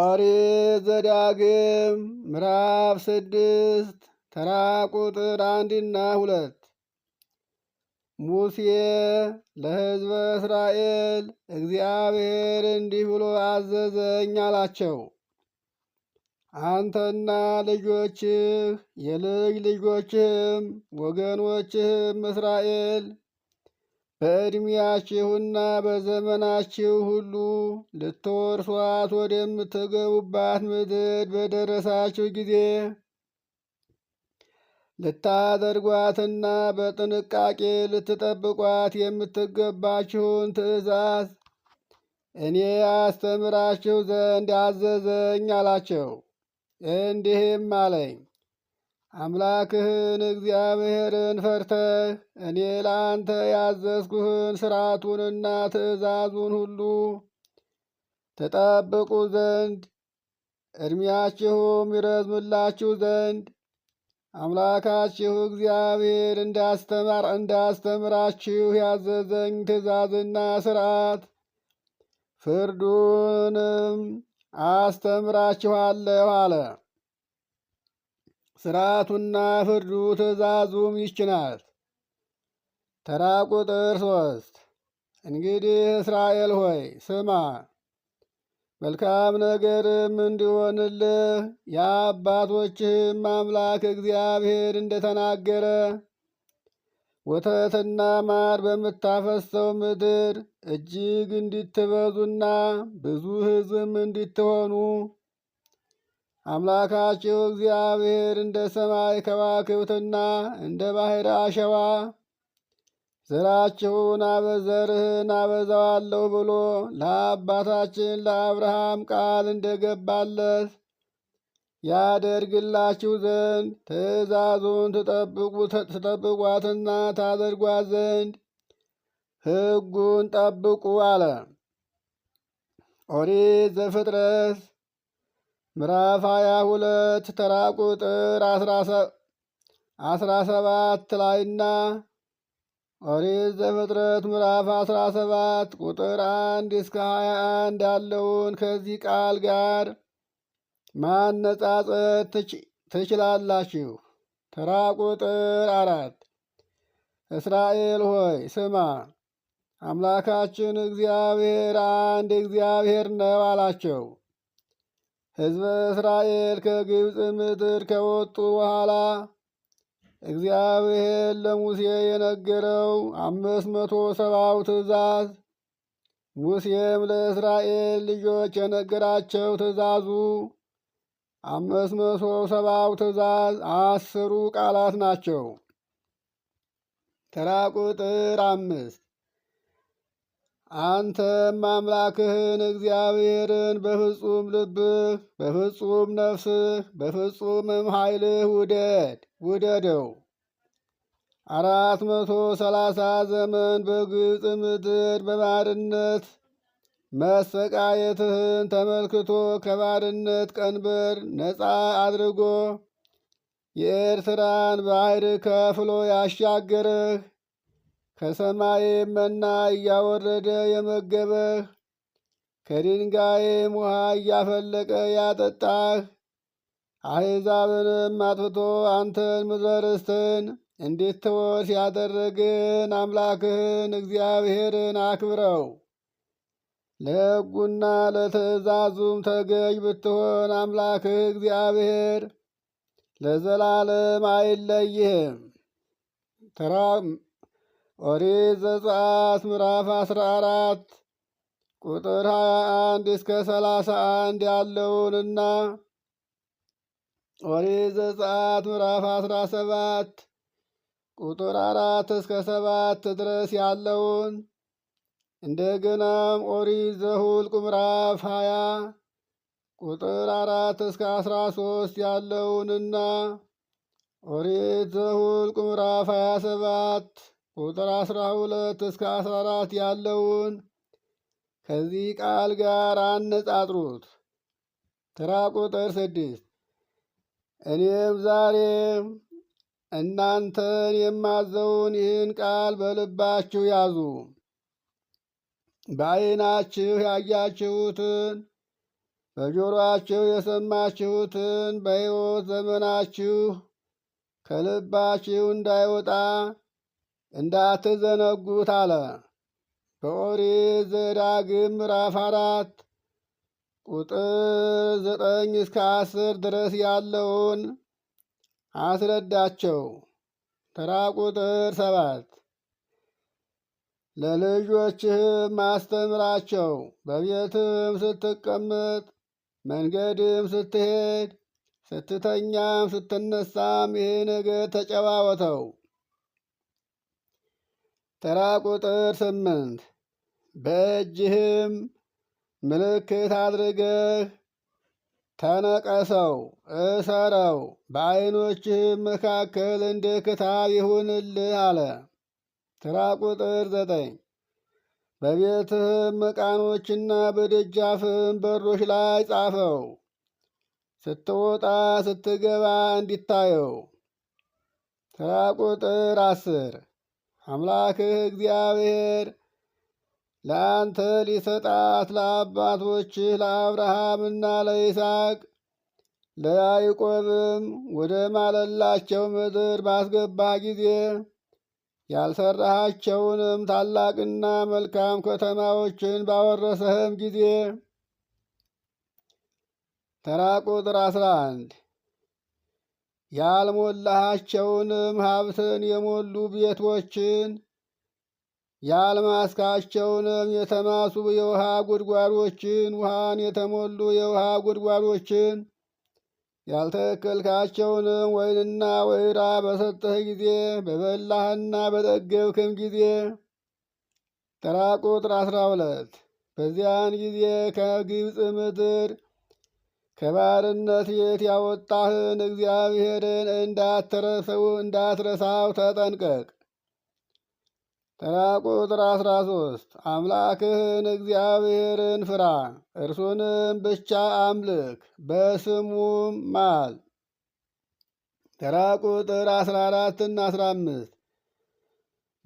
ኦሪት ዘዳግም ምዕራፍ ስድስት ተራ ቁጥር አንድና ሁለት ሙሴ ለሕዝበ እስራኤል እግዚአብሔር እንዲህ ብሎ አዘዘኝ አላቸው። አንተና ልጆችህ የልጅ ልጆችህም ወገኖችህም እስራኤል በዕድሜያችሁና በዘመናችሁ ሁሉ ልትወርሷት ወደምትገቡባት ምድር በደረሳችሁ ጊዜ ልታደርጓትና በጥንቃቄ ልትጠብቋት የምትገባችሁን ትእዛዝ እኔ አስተምራችሁ ዘንድ አዘዘኝ አላቸው። እንዲህም አለኝ አምላክህን እግዚአብሔርን ፈርተህ እኔ ለአንተ ያዘዝኩህን ሥርዓቱንና ትእዛዙን ሁሉ ትጠብቁ ዘንድ እድሜያችሁም ይረዝምላችሁ ዘንድ አምላካችሁ እግዚአብሔር እንዳስተማር እንዳስተምራችሁ ያዘዘኝ ትእዛዝና ሥርዓት ፍርዱንም አስተምራችኋለሁ አለ። ስርዓቱና ፍርዱ ትእዛዙም ይችናት። ተራ ቁጥር ሶስት እንግዲህ እስራኤል ሆይ ስማ፣ መልካም ነገርም እንዲሆንልህ የአባቶችህም አምላክ እግዚአብሔር እንደተናገረ ወተትና ማር በምታፈሰው ምድር እጅግ እንዲትበዙና ብዙ ሕዝብም እንዲትሆኑ አምላካችሁ እግዚአብሔር እንደ ሰማይ ከዋክብትና እንደ ባሕር አሸዋ ዘራችሁን አበዘርህን አበዛዋለሁ ብሎ ለአባታችን ለአብርሃም ቃል እንደገባለት ያደርግላችሁ ዘንድ ትእዛዙን ትጠብቋትና ታደርጓት ዘንድ ሕጉን ጠብቁ አለ ኦሪት ዘፍጥረት ምዕራፍ 22 ተራ ቁጥር 17 ላይና ኦሪት ዘፍጥረት ምዕራፍ 17 ቁጥር 1 እስከ 21 ያለውን ከዚህ ቃል ጋር ማነጻጸር ትችላላችሁ። ተራ ቁጥር አራት እስራኤል ሆይ ስማ አምላካችን እግዚአብሔር አንድ እግዚአብሔር ነው አላቸው። ሕዝበ እስራኤል ከግብፅ ምድር ከወጡ በኋላ እግዚአብሔር ለሙሴ የነገረው አምስት መቶ ሰባው ትእዛዝ ሙሴም ለእስራኤል ልጆች የነገራቸው ትእዛዙ አምስት መቶ ሰባው ትእዛዝ አስሩ ቃላት ናቸው። ተራ ቁጥር አምስት አንተም አምላክህን እግዚአብሔርን በፍጹም ልብህ በፍጹም ነፍስህ በፍጹምም ኃይልህ ውደድ ውደደው። አራት መቶ ሰላሳ ዘመን በግብፅ ምድር በባርነት መሰቃየትህን ተመልክቶ ከባርነት ቀንበር ነፃ አድርጎ የኤርትራን ባህር ከፍሎ ያሻገርህ ከሰማይም መና እያወረደ የመገበህ ከድንጋይም ውሃ እያፈለቀ ያጠጣህ አሕዛብንም አጥፍቶ አንተን ምድረ ርስትን እንድትወርስ ያደረግን አምላክህን እግዚአብሔርን አክብረው። ለሕጉና ለትእዛዙም ተገዥ ብትሆን አምላክህ እግዚአብሔር ለዘላለም አይለይህም። ኦሪት ዘጸአት ምዕራፍ አስራ አራት ቁጥር ሀያ አንድ እስከ ሰላሳ አንድ ያለውንና ኦሪት ዘጸአት ምዕራፍ አስራ ሰባት ቁጥር አራት እስከ ሰባት ድረስ ያለውን እንደገናም ኦሪት ዘሁልቁ ምዕራፍ ሀያ ቁጥር አራት እስከ አስራ ሶስት ያለውንና ኦሪት ዘሁልቁ ምዕራፍ ሀያ ሰባት ቁጥር አስራ ሁለት እስከ አስራ አራት ያለውን ከዚህ ቃል ጋር አነጻጥሩት። ተራ ቁጥር ስድስት እኔም ዛሬ እናንተን የማዘውን ይህን ቃል በልባችሁ ያዙ፣ በዓይናችሁ ያያችሁትን በጆሮአችሁ የሰማችሁትን በሕይወት ዘመናችሁ ከልባችሁ እንዳይወጣ እንዳትዘነጉት አለ። በኦሪት ዘዳግም ምዕራፍ አራት ቁጥር ዘጠኝ እስከ አስር ድረስ ያለውን አስረዳቸው። ተራ ቁጥር ሰባት ለልጆችህም አስተምራቸው፣ በቤትም ስትቀመጥ፣ መንገድም ስትሄድ፣ ስትተኛም ስትነሳም ይህ ነገር ተጨባወተው። ተራ ቁጥር ስምንት በእጅህም ምልክት አድርገህ ተነቀሰው፣ እሰረው፣ በዓይኖችህም መካከል እንደ ክታብ ይሁንልህ አለ። ተራ ቁጥር ዘጠኝ በቤትህም ዕቃኖችና በደጃፍም በሮች ላይ ጻፈው፣ ስትወጣ ስትገባ እንዲታየው። ተራ ቁጥር አስር አምላክህ እግዚአብሔር ለአንተ ሊሰጣት ለአባቶችህ ለአብርሃምና ለይስሐቅ ለያዕቆብም ወደ ማለላቸው ምድር ባስገባህ ጊዜ ያልሰራሃቸውንም ታላቅና መልካም ከተማዎችን ባወረሰህም ጊዜ ተራ ቁጥር አስራ አንድ ያልሞላሃቸውንም ሀብትን የሞሉ ቤቶችን ያልማስካቸውንም የተማሱ የውሃ ጉድጓዶችን ውሃን የተሞሉ የውሃ ጉድጓዶችን ያልተከልካቸውንም ወይንና ወይራ በሰጠህ ጊዜ በበላህና በጠገብክም ጊዜ ተራ ቁጥር አስራ ሁለት በዚያን ጊዜ ከግብፅ ምድር ከባርነት የት ያወጣህን እግዚአብሔርን እንዳትረሰው እንዳትረሳው ተጠንቀቅ። ተራ ቁጥር አስራ ሶስት አምላክህን እግዚአብሔርን ፍራ፣ እርሱንም ብቻ አምልክ፣ በስሙም ማል። ተራ ቁጥር አስራ እና አስራ አምስት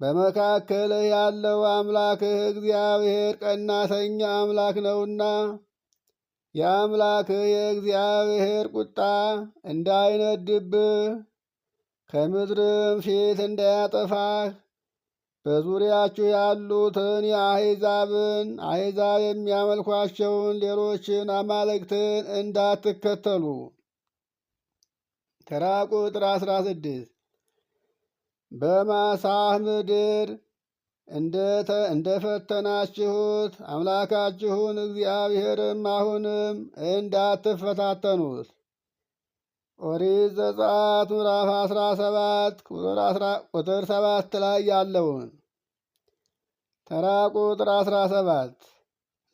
በመካከልህ ያለው አምላክህ እግዚአብሔር ቀናተኛ አምላክ ነውና የአምላክህ የእግዚአብሔር ቁጣ እንዳይነድብህ ከምድርም ፊት እንዳያጠፋህ በዙሪያችሁ ያሉትን የአሕዛብን አሕዛብ የሚያመልኳቸውን ሌሎችን አማልክትን እንዳትከተሉ። ተራ ቁጥር አስራ በማሳህ ምድር እንደ ፈተናችሁት አምላካችሁን እግዚአብሔርም አሁንም እንዳትፈታተኑት። ኦሪት ዘጸአት ምዕራፍ አስራ ሰባት ቁጥር ሰባት ላይ ያለውን ተራ ቁጥር አስራ ሰባት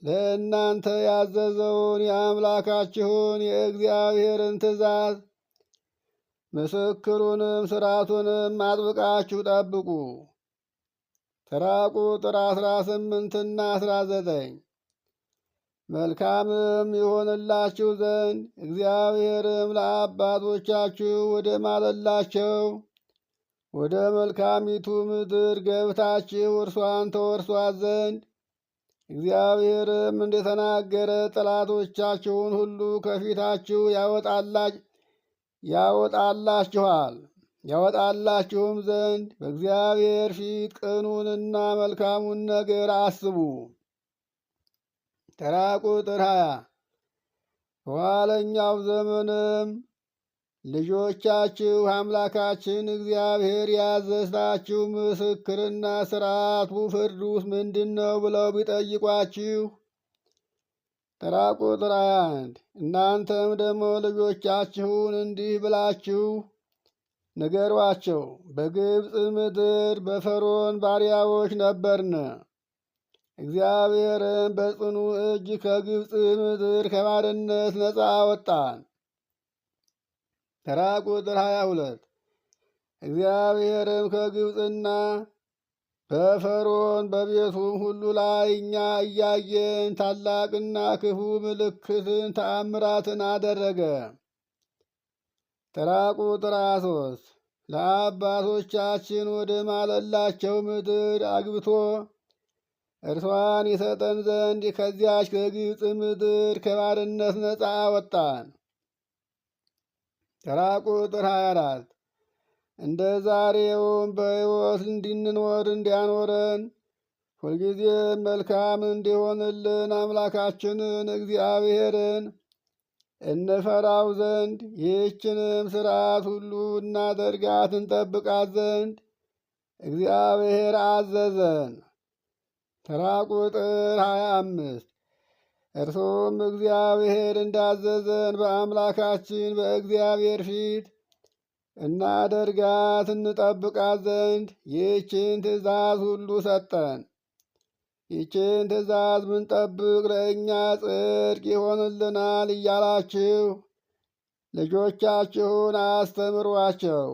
ለእናንተ ያዘዘውን የአምላካችሁን የእግዚአብሔርን ትእዛዝ ምስክሩንም ስርዓቱንም አጥብቃችሁ ጠብቁ። ተራ ቁጥር አስራ ስምንትና አስራ ዘጠኝ መልካምም ይሆንላችሁ ዘንድ እግዚአብሔርም ለአባቶቻችሁ ወደ ማለላቸው ወደ መልካሚቱ ምድር ገብታችሁ እርሷን ተወርሷት ዘንድ እግዚአብሔርም እንደተናገረ ጠላቶቻችሁን ሁሉ ከፊታችሁ ያወጣላችኋል። ያወጣላችሁም ዘንድ በእግዚአብሔር ፊት ቅኑንና መልካሙን ነገር አስቡ። ተራ ቁጥር ሀያ በኋለኛው ዘመንም ልጆቻችሁ አምላካችን እግዚአብሔር ያዘዛችሁ ምስክርና ስርዓቱ ፍርዱስ ምንድን ነው ብለው ቢጠይቋችሁ ተራ ቁጥር አንድ እናንተም ደግሞ ልጆቻችሁን እንዲህ ብላችሁ ንገሯቸው በግብፅ ምድር በፈርዖን ባሪያዎች ነበርን። እግዚአብሔርም በጽኑ እጅ ከግብፅ ምድር ከባርነት ነፃ አወጣን። ተራ ቁጥር 22 እግዚአብሔርም ከግብፅና በፈርዖን በቤቱም ሁሉ ላይ እኛ እያየን ታላቅና ክፉ ምልክትን ተአምራትን አደረገ። ተራ ቁጥር ሶስት ለአባቶቻችን ወደ ማለላቸው ምድር አግብቶ እርሷን ይሰጠን ዘንድ ከዚያች ከግብፅ ምድር ከባርነት ነፃ ወጣን። ተራ ቁጥር 24 እንደ ዛሬውም በሕይወት እንድንኖር እንዲያኖረን ሁልጊዜ መልካም እንዲሆንልን አምላካችንን እግዚአብሔርን እንፈራው ዘንድ ይህችንም ሥርዓት ሁሉ እናደርጋት እንጠብቃት ዘንድ እግዚአብሔር አዘዘን። ተራ ቁጥር 25 አምስት እርሱም እግዚአብሔር እንዳዘዘን በአምላካችን በእግዚአብሔር ፊት እናደርጋት እንጠብቃት ዘንድ ይህችን ትእዛዝ ሁሉ ሰጠን። ይችን ትእዛዝ ምንጠብቅ ለእኛ ጽድቅ ይሆንልናል እያላችሁ ልጆቻችሁን አስተምሯቸው።